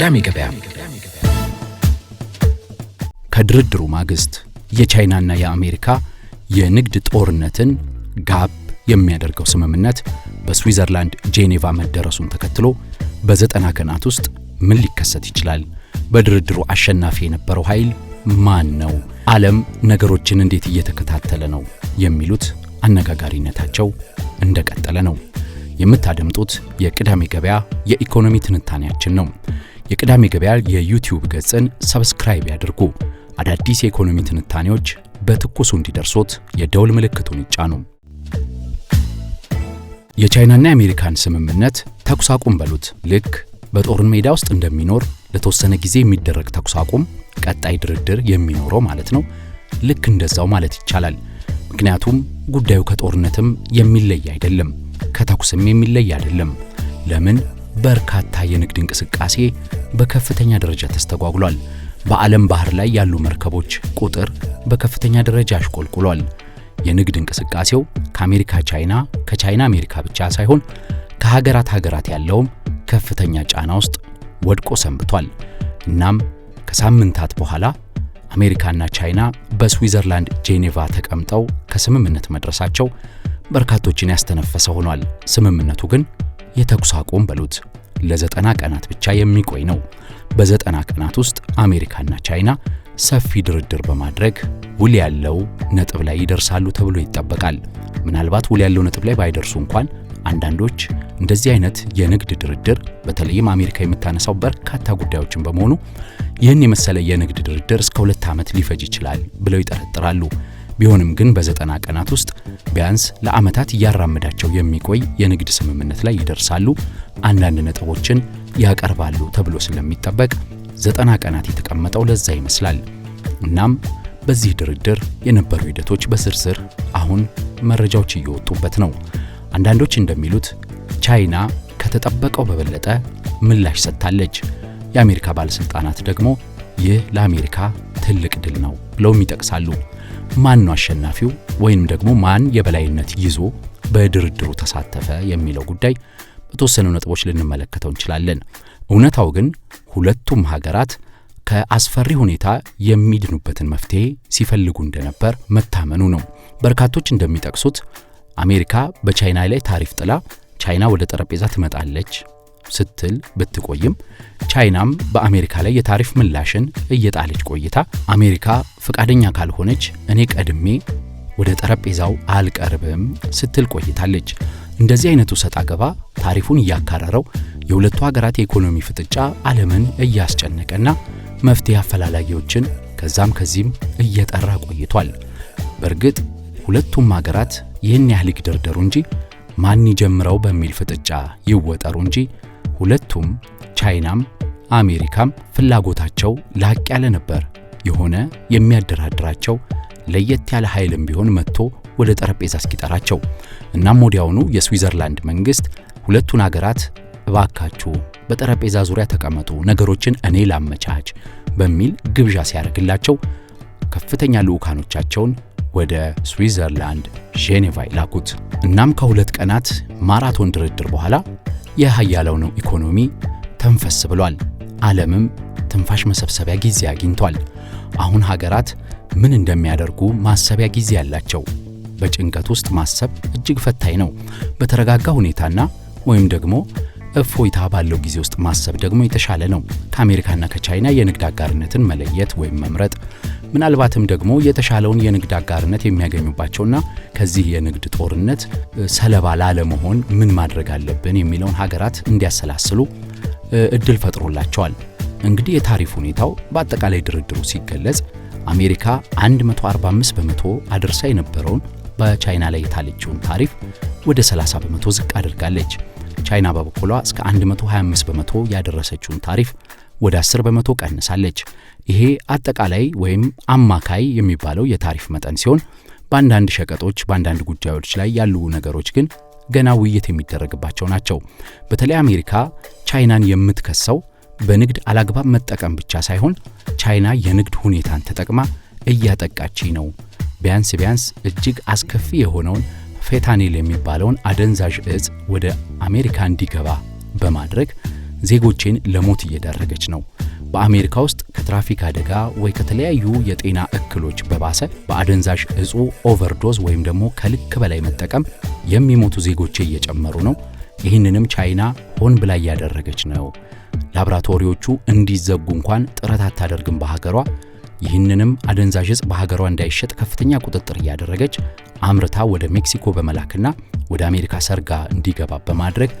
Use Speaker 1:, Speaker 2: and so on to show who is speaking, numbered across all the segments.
Speaker 1: ቅዳሜ ገበያ ከድርድሩ ማግስት የቻይናና የአሜሪካ የንግድ ጦርነትን ጋብ የሚያደርገው ስምምነት በስዊዘርላንድ ጄኔቫ መደረሱን ተከትሎ በዘጠና ቀናት ውስጥ ምን ሊከሰት ይችላል? በድርድሩ አሸናፊ የነበረው ኃይል ማን ነው? ዓለም ነገሮችን እንዴት እየተከታተለ ነው? የሚሉት አነጋጋሪነታቸው እንደቀጠለ ነው። የምታደምጡት የቅዳሜ ገበያ የኢኮኖሚ ትንታኔያችን ነው። የቅዳሜ ገበያ የዩቲዩብ ገጽን ሰብስክራይብ ያድርጉ። አዳዲስ የኢኮኖሚ ትንታኔዎች በትኩሱ እንዲደርሶት የደውል ምልክቱን ይጫኑ። የቻይናና የአሜሪካን ስምምነት ተኩስ አቁም በሉት ልክ በጦርን ሜዳ ውስጥ እንደሚኖር ለተወሰነ ጊዜ የሚደረግ ተኩስ አቁም ቀጣይ ድርድር የሚኖረው ማለት ነው። ልክ እንደዛው ማለት ይቻላል። ምክንያቱም ጉዳዩ ከጦርነትም የሚለይ አይደለም። ከተኩስም የሚለይ አይደለም። ለምን? በርካታ የንግድ እንቅስቃሴ በከፍተኛ ደረጃ ተስተጓጉሏል። በዓለም ባህር ላይ ያሉ መርከቦች ቁጥር በከፍተኛ ደረጃ አሽቆልቁሏል። የንግድ እንቅስቃሴው ከአሜሪካ ቻይና፣ ከቻይና አሜሪካ ብቻ ሳይሆን ከሀገራት ሀገራት ያለውም ከፍተኛ ጫና ውስጥ ወድቆ ሰንብቷል። እናም ከሳምንታት በኋላ አሜሪካና ቻይና በስዊዘርላንድ ጄኔቫ ተቀምጠው ከስምምነት መድረሳቸው በርካቶችን ያስተነፈሰ ሆኗል። ስምምነቱ ግን የተኩስ አቁም በሉት ለዘጠና ቀናት ብቻ የሚቆይ ነው። በዘጠና ቀናት ውስጥ አሜሪካና ቻይና ሰፊ ድርድር በማድረግ ውል ያለው ነጥብ ላይ ይደርሳሉ ተብሎ ይጠበቃል። ምናልባት ውል ያለው ነጥብ ላይ ባይደርሱ እንኳን አንዳንዶች እንደዚህ አይነት የንግድ ድርድር በተለይም አሜሪካ የምታነሳው በርካታ ጉዳዮችን በመሆኑ ይህን የመሰለ የንግድ ድርድር እስከ ሁለት ዓመት ሊፈጅ ይችላል ብለው ይጠረጥራሉ። ቢሆንም ግን በዘጠና ቀናት ውስጥ ቢያንስ ለዓመታት እያራመዳቸው የሚቆይ የንግድ ስምምነት ላይ ይደርሳሉ። አንዳንድ ነጥቦችን ያቀርባሉ ተብሎ ስለሚጠበቅ ዘጠና ቀናት የተቀመጠው ለዛ ይመስላል። እናም በዚህ ድርድር የነበሩ ሂደቶች በዝርዝር አሁን መረጃዎች እየወጡበት ነው። አንዳንዶች እንደሚሉት ቻይና ከተጠበቀው በበለጠ ምላሽ ሰጥታለች። የአሜሪካ ባለስልጣናት ደግሞ ይህ ለአሜሪካ ትልቅ ድል ነው ብለውም ይጠቅሳሉ። ማን ነው አሸናፊው ወይም ደግሞ ማን የበላይነት ይዞ በድርድሩ ተሳተፈ የሚለው ጉዳይ በተወሰኑ ነጥቦች ልንመለከተው እንችላለን። እውነታው ግን ሁለቱም ሀገራት ከአስፈሪ ሁኔታ የሚድኑበትን መፍትሄ ሲፈልጉ እንደነበር መታመኑ ነው። በርካቶች እንደሚጠቅሱት አሜሪካ በቻይና ላይ ታሪፍ ጥላ ቻይና ወደ ጠረጴዛ ትመጣለች ስትል ብትቆይም ቻይናም በአሜሪካ ላይ የታሪፍ ምላሽን እየጣለች ቆይታ አሜሪካ ፈቃደኛ ካልሆነች እኔ ቀድሜ ወደ ጠረጴዛው አልቀርብም ስትል ቆይታለች። እንደዚህ አይነቱ ሰጣ ገባ ታሪፉን እያካረረው የሁለቱ ሀገራት የኢኮኖሚ ፍጥጫ ዓለምን እያስጨነቀና መፍትሄ አፈላላጊዎችን ከዛም ከዚህም እየጠራ ቆይቷል። በእርግጥ ሁለቱም ሀገራት ይህን ያህል ይግደርደሩ እንጂ ማን ይጀምረው በሚል ፍጥጫ ይወጠሩ እንጂ ሁለቱም ቻይናም አሜሪካም ፍላጎታቸው ላቅ ያለ ነበር። የሆነ የሚያደራድራቸው ለየት ያለ ኃይልም ቢሆን መጥቶ ወደ ጠረጴዛ እስኪጠራቸው። እናም ወዲያውኑ የስዊዘርላንድ መንግስት ሁለቱን አገራት እባካችሁ በጠረጴዛ ዙሪያ ተቀመጡ፣ ነገሮችን እኔ ላመቻች በሚል ግብዣ ሲያደርግላቸው ከፍተኛ ልዑካኖቻቸውን ወደ ስዊዘርላንድ ጄኔቫ ይላኩት። እናም ከሁለት ቀናት ማራቶን ድርድር በኋላ ነው ኢኮኖሚ ተንፈስ ብሏል። ዓለምም ትንፋሽ መሰብሰቢያ ጊዜ አግኝቷል። አሁን ሀገራት ምን እንደሚያደርጉ ማሰቢያ ጊዜ ያላቸው። በጭንቀት ውስጥ ማሰብ እጅግ ፈታኝ ነው። በተረጋጋ ሁኔታና ወይም ደግሞ እፎይታ ባለው ጊዜ ውስጥ ማሰብ ደግሞ የተሻለ ነው። ከአሜሪካና ከቻይና የንግድ አጋርነትን መለየት ወይም መምረጥ ምናልባትም ደግሞ የተሻለውን የንግድ አጋርነት የሚያገኙባቸውና ከዚህ የንግድ ጦርነት ሰለባ ላለመሆን ምን ማድረግ አለብን የሚለውን ሀገራት እንዲያሰላስሉ እድል ፈጥሮላቸዋል። እንግዲህ የታሪፍ ሁኔታው በአጠቃላይ ድርድሩ ሲገለጽ አሜሪካ 145 በመቶ አድርሳ የነበረውን በቻይና ላይ የጣለችውን ታሪፍ ወደ 30 በመቶ ዝቅ አድርጋለች። ቻይና በበኩሏ እስከ 125 በመቶ ያደረሰችውን ታሪፍ ወደ 10 በመቶ ቀንሳለች። ይሄ አጠቃላይ ወይም አማካይ የሚባለው የታሪፍ መጠን ሲሆን በአንዳንድ ሸቀጦች በአንዳንድ ጉዳዮች ላይ ያሉ ነገሮች ግን ገና ውይይት የሚደረግባቸው ናቸው። በተለይ አሜሪካ ቻይናን የምትከሰው በንግድ አላግባብ መጠቀም ብቻ ሳይሆን ቻይና የንግድ ሁኔታን ተጠቅማ እያጠቃች ነው፣ ቢያንስ ቢያንስ እጅግ አስከፊ የሆነውን ፌታኒል የሚባለውን አደንዛዥ እጽ ወደ አሜሪካ እንዲገባ በማድረግ ዜጎቼን ለሞት እየዳረገች ነው። በአሜሪካ ውስጥ ከትራፊክ አደጋ ወይ ከተለያዩ የጤና እክሎች በባሰ በአደንዛዥ እጹ ኦቨርዶዝ ወይም ደግሞ ከልክ በላይ መጠቀም የሚሞቱ ዜጎቼ እየጨመሩ ነው። ይህንንም ቻይና ሆን ብላ እያደረገች ነው። ላብራቶሪዎቹ እንዲዘጉ እንኳን ጥረት አታደርግም በሀገሯ ይህንንም አደንዛዥ እጽ በሀገሯ እንዳይሸጥ ከፍተኛ ቁጥጥር እያደረገች አምርታ ወደ ሜክሲኮ በመላክና ወደ አሜሪካ ሰርጋ እንዲገባ በማድረግ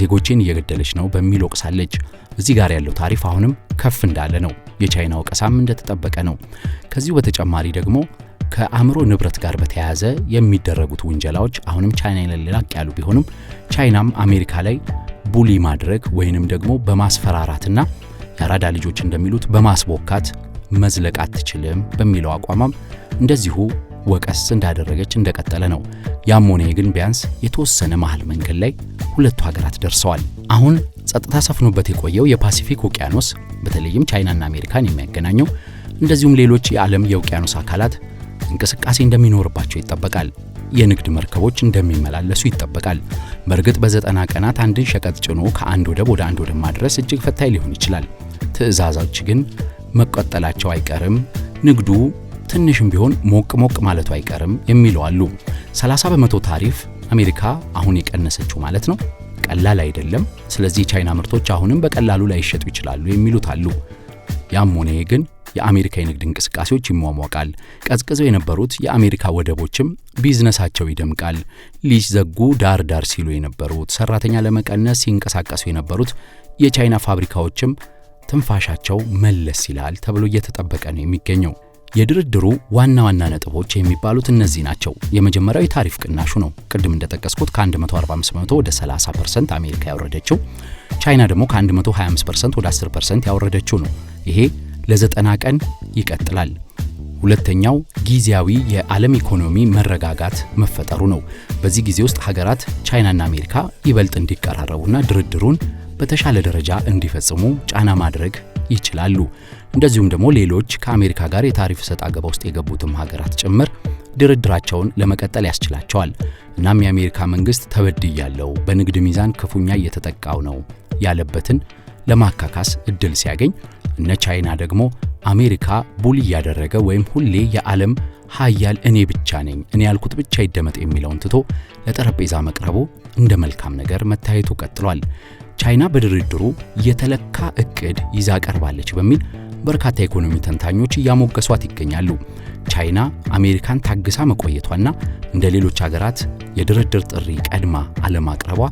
Speaker 1: ዜጎችን እየገደለች ነው በሚል ወቅሳለች። እዚህ ጋር ያለው ታሪፍ አሁንም ከፍ እንዳለ ነው። የቻይና ወቀሳም እንደተጠበቀ ነው። ከዚሁ በተጨማሪ ደግሞ ከአእምሮ ንብረት ጋር በተያያዘ የሚደረጉት ውንጀላዎች አሁንም ቻይና ላይ ላቅ ያሉ ቢሆንም ቻይናም አሜሪካ ላይ ቡሊ ማድረግ ወይንም ደግሞ በማስፈራራትና የአራዳ ልጆች እንደሚሉት በማስቦካት መዝለቅ አትችልም በሚለው አቋማም እንደዚሁ ወቀስ እንዳደረገች እንደቀጠለ ነው። ያም ሆነ ግን ቢያንስ የተወሰነ መሀል መንገድ ላይ ሁለቱ ሀገራት ደርሰዋል። አሁን ጸጥታ ሰፍኖበት የቆየው የፓሲፊክ ውቅያኖስ በተለይም ቻይናና አሜሪካን የሚያገናኘው እንደዚሁም ሌሎች የዓለም የውቅያኖስ አካላት እንቅስቃሴ እንደሚኖርባቸው ይጠበቃል። የንግድ መርከቦች እንደሚመላለሱ ይጠበቃል። በእርግጥ በዘጠና ቀናት አንድን ሸቀጥ ጭኖ ከአንድ ወደብ ወደ አንድ ወደብ ማድረስ እጅግ ፈታኝ ሊሆን ይችላል። ትዕዛዞች ግን መቀጠላቸው አይቀርም፣ ንግዱ ትንሽም ቢሆን ሞቅ ሞቅ ማለቱ አይቀርም የሚለው አሉ። 30 በመቶ ታሪፍ አሜሪካ አሁን የቀነሰችው ማለት ነው። ቀላል አይደለም። ስለዚህ የቻይና ምርቶች አሁንም በቀላሉ ላይሸጡ ይችላሉ የሚሉት አሉ። ያም ሆነ ግን የአሜሪካ የንግድ እንቅስቃሴዎች ይሟሟቃል። ቀዝቅዘው የነበሩት የአሜሪካ ወደቦችም ቢዝነሳቸው ይደምቃል። ሊዘጉ ዳር ዳር ሲሉ የነበሩት ሰራተኛ ለመቀነስ ሲንቀሳቀሱ የነበሩት የቻይና ፋብሪካዎችም ትንፋሻቸው መለስ ይላል ተብሎ እየተጠበቀ ነው የሚገኘው። የድርድሩ ዋና ዋና ነጥቦች የሚባሉት እነዚህ ናቸው። የመጀመሪያው የታሪፍ ቅናሹ ነው። ቅድም እንደጠቀስኩት ከ145 በመቶ ወደ 30 ፐርሰንት አሜሪካ ያወረደችው፣ ቻይና ደግሞ ከ125 ፐርሰንት ወደ 10 ፐርሰንት ያወረደችው ነው። ይሄ ለዘጠና ቀን ይቀጥላል። ሁለተኛው ጊዜያዊ የዓለም ኢኮኖሚ መረጋጋት መፈጠሩ ነው። በዚህ ጊዜ ውስጥ ሀገራት ቻይናና አሜሪካ ይበልጥ እንዲቀራረቡና ድርድሩን በተሻለ ደረጃ እንዲፈጽሙ ጫና ማድረግ ይችላሉ። እንደዚሁም ደግሞ ሌሎች ከአሜሪካ ጋር የታሪፍ ሰጥ አገባ ውስጥ የገቡትም ሀገራት ጭምር ድርድራቸውን ለመቀጠል ያስችላቸዋል። እናም የአሜሪካ መንግስት ተበድያለው፣ በንግድ ሚዛን ክፉኛ እየተጠቃው ነው ያለበትን ለማካካስ እድል ሲያገኝ እነ ቻይና ደግሞ አሜሪካ ቡል እያደረገ ወይም ሁሌ የዓለም ሀያል እኔ ብቻ ነኝ እኔ ያልኩት ብቻ ይደመጥ የሚለውን ትቶ ለጠረጴዛ መቅረቡ እንደ መልካም ነገር መታየቱ ቀጥሏል። ቻይና በድርድሩ የተለካ እቅድ ይዛ ቀርባለች በሚል በርካታ የኢኮኖሚ ተንታኞች እያሞገሷት ይገኛሉ። ቻይና አሜሪካን ታግሳ መቆየቷና እንደ ሌሎች ሀገራት የድርድር ጥሪ ቀድማ አለማቅረቧ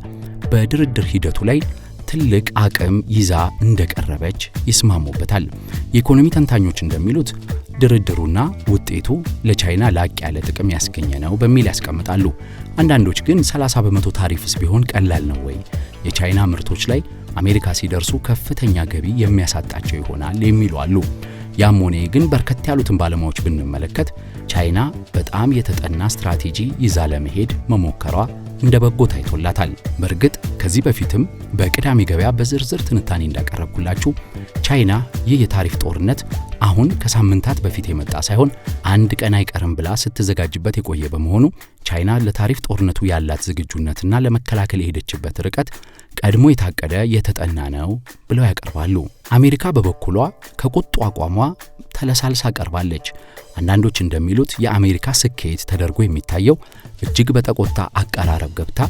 Speaker 1: በድርድር ሂደቱ ላይ ትልቅ አቅም ይዛ እንደቀረበች ይስማሙበታል። የኢኮኖሚ ተንታኞች እንደሚሉት ድርድሩና ውጤቱ ለቻይና ላቅ ያለ ጥቅም ያስገኘ ነው በሚል ያስቀምጣሉ። አንዳንዶች ግን 30 በመቶ ታሪፍስ ቢሆን ቀላል ነው ወይ? የቻይና ምርቶች ላይ አሜሪካ ሲደርሱ ከፍተኛ ገቢ የሚያሳጣቸው ይሆናል የሚሉ አሉ። ያም ሆነ ግን በርከት ያሉትን ባለሙያዎች ብንመለከት ቻይና በጣም የተጠና ስትራቴጂ ይዛ ለመሄድ መሞከሯ እንደ በጎ ታይቶላታል። በእርግጥ ከዚህ በፊትም በቅዳሜ ገበያ በዝርዝር ትንታኔ እንዳቀረብኩላችሁ ቻይና ይህ የታሪፍ ጦርነት አሁን ከሳምንታት በፊት የመጣ ሳይሆን አንድ ቀን አይቀርም ብላ ስትዘጋጅበት የቆየ በመሆኑ ቻይና ለታሪፍ ጦርነቱ ያላት ዝግጁነትና ለመከላከል የሄደችበት ርቀት ቀድሞ የታቀደ የተጠና ነው ብለው ያቀርባሉ። አሜሪካ በበኩሏ ከቁጡ አቋሟ ተለሳልሳ ቀርባለች። አንዳንዶች እንደሚሉት የአሜሪካ ስኬት ተደርጎ የሚታየው እጅግ በተቆጣ አቀራረብ ገብታ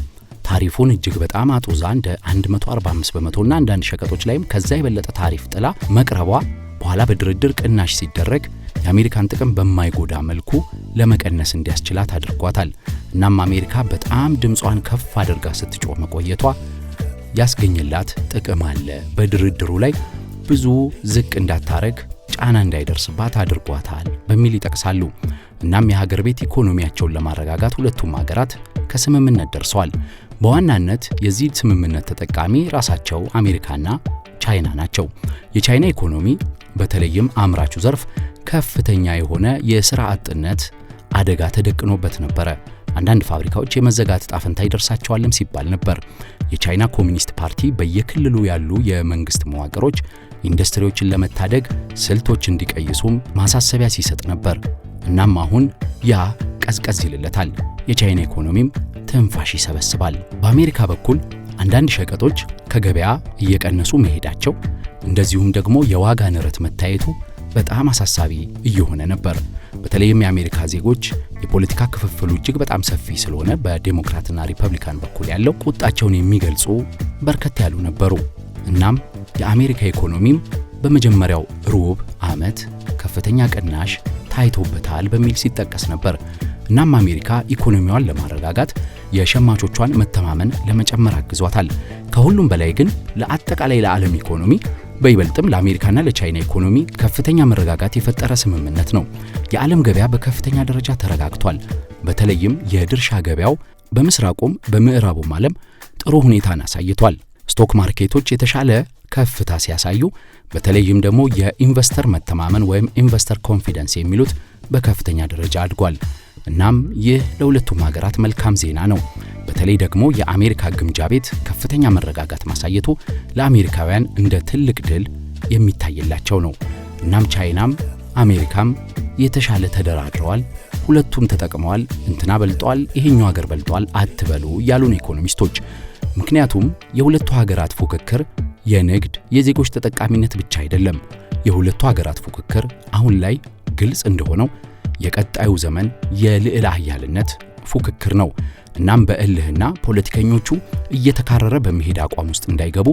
Speaker 1: ታሪፉን እጅግ በጣም አጡዛ እንደ 145 በመቶና አንዳንድ ሸቀጦች ላይም ከዛ የበለጠ ታሪፍ ጥላ መቅረቧ በኋላ በድርድር ቅናሽ ሲደረግ የአሜሪካን ጥቅም በማይጎዳ መልኩ ለመቀነስ እንዲያስችላት አድርጓታል። እናም አሜሪካ በጣም ድምጿን ከፍ አድርጋ ስትጮህ መቆየቷ ያስገኝላት ጥቅም አለ በድርድሩ ላይ ብዙ ዝቅ እንዳታረግ ጫና እንዳይደርስባት አድርጓታል በሚል ይጠቅሳሉ። እናም የሀገር ቤት ኢኮኖሚያቸውን ለማረጋጋት ሁለቱም ሀገራት ከስምምነት ደርሰዋል። በዋናነት የዚህ ስምምነት ተጠቃሚ ራሳቸው አሜሪካና ቻይና ናቸው። የቻይና ኢኮኖሚ በተለይም አምራቹ ዘርፍ ከፍተኛ የሆነ የሥራ አጥነት አደጋ ተደቅኖበት ነበረ። አንዳንድ ፋብሪካዎች የመዘጋት ዕጣ ፈንታ ይደርሳቸዋልም ሲባል ነበር። የቻይና ኮሚኒስት ፓርቲ በየክልሉ ያሉ የመንግስት መዋቅሮች ኢንዱስትሪዎችን ለመታደግ ስልቶች እንዲቀይሱም ማሳሰቢያ ሲሰጥ ነበር። እናም አሁን ያ ቀዝቀዝ ይልለታል። የቻይና ኢኮኖሚም ትንፋሽ ይሰበስባል። በአሜሪካ በኩል አንዳንድ ሸቀጦች ከገበያ እየቀነሱ መሄዳቸው እንደዚሁም ደግሞ የዋጋ ንረት መታየቱ በጣም አሳሳቢ እየሆነ ነበር። በተለይም የአሜሪካ ዜጎች የፖለቲካ ክፍፍሉ እጅግ በጣም ሰፊ ስለሆነ በዴሞክራትና ሪፐብሊካን በኩል ያለው ቁጣቸውን የሚገልጹ በርከት ያሉ ነበሩ። እናም የአሜሪካ ኢኮኖሚም በመጀመሪያው ሩብ ዓመት ከፍተኛ ቅናሽ ታይቶበታል በሚል ሲጠቀስ ነበር። እናም አሜሪካ ኢኮኖሚዋን ለማረጋጋት የሸማቾቿን መተማመን ለመጨመር አግዟታል። ከሁሉም በላይ ግን ለአጠቃላይ ለዓለም ኢኮኖሚ በይበልጥም ለአሜሪካና ለቻይና ኢኮኖሚ ከፍተኛ መረጋጋት የፈጠረ ስምምነት ነው። የዓለም ገበያ በከፍተኛ ደረጃ ተረጋግቷል። በተለይም የድርሻ ገበያው በምስራቁም በምዕራቡም ዓለም ጥሩ ሁኔታን አሳይቷል። ስቶክ ማርኬቶች የተሻለ ከፍታ ሲያሳዩ በተለይም ደግሞ የኢንቨስተር መተማመን ወይም ኢንቨስተር ኮንፊደንስ የሚሉት በከፍተኛ ደረጃ አድጓል። እናም ይህ ለሁለቱም ሀገራት መልካም ዜና ነው። በተለይ ደግሞ የአሜሪካ ግምጃ ቤት ከፍተኛ መረጋጋት ማሳየቱ ለአሜሪካውያን እንደ ትልቅ ድል የሚታይላቸው ነው። እናም ቻይናም አሜሪካም የተሻለ ተደራድረዋል። ሁለቱም ተጠቅመዋል። እንትና በልጠዋል፣ ይሄኛው ሀገር በልጠዋል አትበሉ እያሉ ኢኮኖሚስቶች። ምክንያቱም የሁለቱ ሀገራት ፉክክር የንግድ፣ የዜጎች ተጠቃሚነት ብቻ አይደለም። የሁለቱ ሀገራት ፉክክር አሁን ላይ ግልጽ እንደሆነው የቀጣዩ ዘመን የልዕለ ኃያልነት ፉክክር ነው። እናም በእልህና ፖለቲከኞቹ እየተካረረ በመሄድ አቋም ውስጥ እንዳይገቡ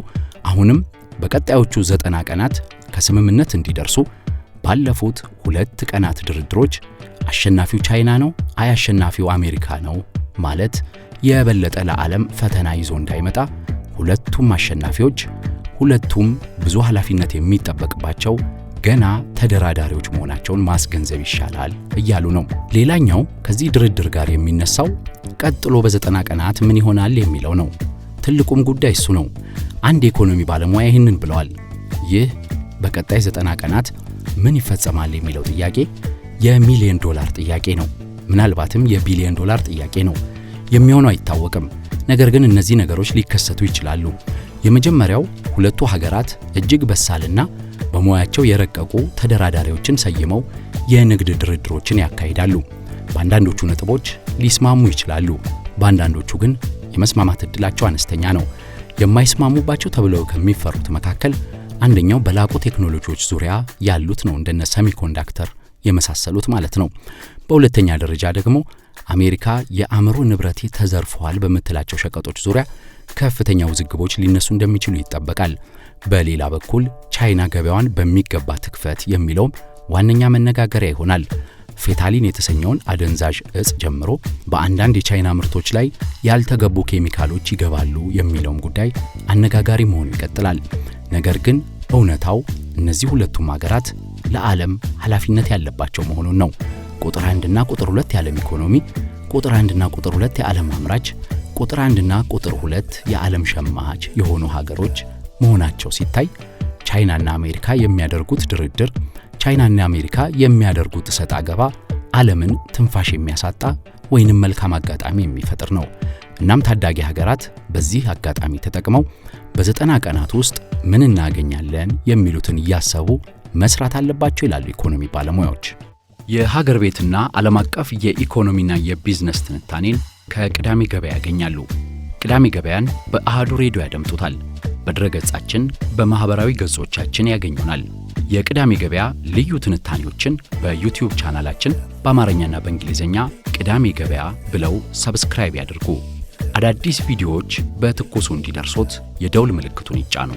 Speaker 1: አሁንም በቀጣዮቹ ዘጠና ቀናት ከስምምነት እንዲደርሱ ባለፉት ሁለት ቀናት ድርድሮች አሸናፊው ቻይና ነው አይ አሸናፊው አሜሪካ ነው ማለት የበለጠ ለዓለም ፈተና ይዞ እንዳይመጣ ሁለቱም አሸናፊዎች ሁለቱም ብዙ ኃላፊነት የሚጠበቅባቸው ገና ተደራዳሪዎች መሆናቸውን ማስገንዘብ ይሻላል እያሉ ነው። ሌላኛው ከዚህ ድርድር ጋር የሚነሳው ቀጥሎ በዘጠና ቀናት ምን ይሆናል የሚለው ነው። ትልቁም ጉዳይ እሱ ነው። አንድ የኢኮኖሚ ባለሙያ ይህንን ብለዋል። ይህ በቀጣይ ዘጠና ቀናት ምን ይፈጸማል የሚለው ጥያቄ የሚሊዮን ዶላር ጥያቄ ነው። ምናልባትም የቢሊዮን ዶላር ጥያቄ ነው። የሚሆነው አይታወቅም። ነገር ግን እነዚህ ነገሮች ሊከሰቱ ይችላሉ። የመጀመሪያው ሁለቱ ሀገራት እጅግ በሳልና በሙያቸው የረቀቁ ተደራዳሪዎችን ሰይመው የንግድ ድርድሮችን ያካሂዳሉ። በአንዳንዶቹ ነጥቦች ሊስማሙ ይችላሉ፣ በአንዳንዶቹ ግን የመስማማት እድላቸው አነስተኛ ነው። የማይስማሙባቸው ተብለው ከሚፈሩት መካከል አንደኛው በላቁ ቴክኖሎጂዎች ዙሪያ ያሉት ነው፣ እንደነ ሰሚኮንዳክተር የመሳሰሉት ማለት ነው። በሁለተኛ ደረጃ ደግሞ አሜሪካ የአእምሮ ንብረቴ ተዘርፏል በምትላቸው ሸቀጦች ዙሪያ ከፍተኛ ውዝግቦች ሊነሱ እንደሚችሉ ይጠበቃል። በሌላ በኩል ቻይና ገበያዋን በሚገባ ትክፈት የሚለውም ዋነኛ መነጋገሪያ ይሆናል። ፌታሊን የተሰኘውን አደንዛዥ እጽ ጀምሮ በአንዳንድ የቻይና ምርቶች ላይ ያልተገቡ ኬሚካሎች ይገባሉ የሚለውም ጉዳይ አነጋጋሪ መሆኑ ይቀጥላል። ነገር ግን እውነታው እነዚህ ሁለቱም ሀገራት ለዓለም ኃላፊነት ያለባቸው መሆኑን ነው። ቁጥር 1 እና ቁጥር 2 የዓለም ኢኮኖሚ፣ ቁጥር 1 እና ቁጥር 2 የዓለም አምራች፣ ቁጥር 1 እና ቁጥር 2 የዓለም ሸማች የሆኑ ሀገሮች መሆናቸው ሲታይ ቻይናና አሜሪካ የሚያደርጉት ድርድር፣ ቻይናና አሜሪካ የሚያደርጉት እሰጥ አገባ ዓለምን ትንፋሽ የሚያሳጣ ወይንም መልካም አጋጣሚ የሚፈጥር ነው። እናም ታዳጊ ሀገራት በዚህ አጋጣሚ ተጠቅመው በዘጠና ቀናት ውስጥ ምን እናገኛለን የሚሉትን እያሰቡ መስራት አለባቸው ይላሉ ኢኮኖሚ ባለሙያዎች። የሀገር ቤትና ዓለም አቀፍ የኢኮኖሚና የቢዝነስ ትንታኔን ከቅዳሜ ገበያ ያገኛሉ። ቅዳሜ ገበያን በአሃዱ ሬዲዮ ያደምጡታል። በድረገጻችን በማኅበራዊ ገጾቻችን ያገኙናል። የቅዳሜ ገበያ ልዩ ትንታኔዎችን በዩቲዩብ ቻናላችን በአማርኛና በእንግሊዝኛ ቅዳሜ ገበያ ብለው ሰብስክራይብ ያድርጉ። አዳዲስ ቪዲዮዎች በትኩሱ እንዲደርሶት የደውል ምልክቱን ይጫኑ።